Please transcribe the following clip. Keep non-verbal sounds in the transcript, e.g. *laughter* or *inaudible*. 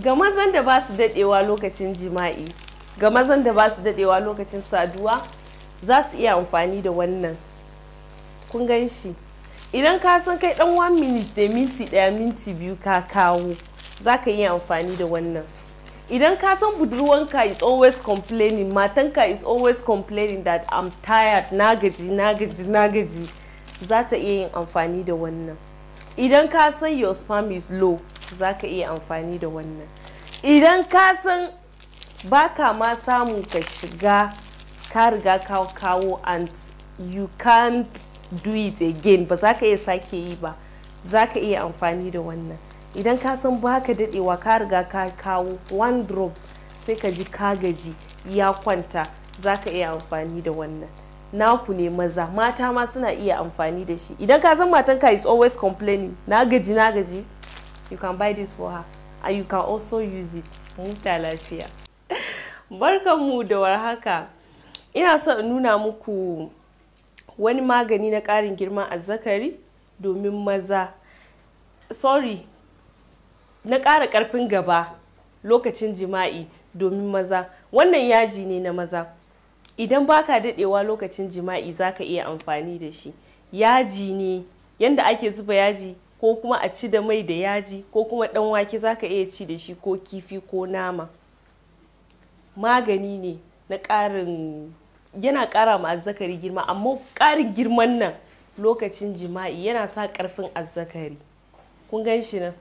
ga mazan da ba su dadewa lokacin jima'i ga mazan da ba su dadewa lokacin saduwa za su iya amfani da wannan kun gan shi idan ka san kai dan 1 minute da minti daya minti biyu ka kawo za ka iya amfani da wannan idan ka san budurwanka is always complaining matanka is always complaining that i'm tired na gaji na gaji na gaji za ta iya yin amfani da wannan idan ka san your spam is low za ka iya amfani da wannan idan ka san ba ka ma samu ka shiga ka riga ka kawo and you can't do it again ba za ka iya sake yi ba za ka iya amfani da wannan idan ka san ba ka dadewa ka riga ka kawo one drop sai ka ji ka gaji ya kwanta za ka iya amfani da wannan naku ne maza mata ma suna iya amfani da shi idan ka san matanka is always complaining na gaji na gaji you can buy this for her and you can also use it muta lafiya *laughs* barkanmu da warhaka ina so in nuna muku wani magani na ƙarin a zakari domin maza sorry na ƙara ƙarfin gaba lokacin jima'i domin maza wannan yaji ne na maza idan baka daɗewa lokacin jima'i zaka iya amfani da shi yaji ne yanda ake zuba yaji ko kuma a ci da mai da yaji ko kuma dan wake zaka iya ci da shi ko kifi ko nama magani ne na ƙarin yana ƙara ma azzakari girma amma ƙarin girman nan lokacin jima'i yana sa ƙarfin azzakari kun gan shi nan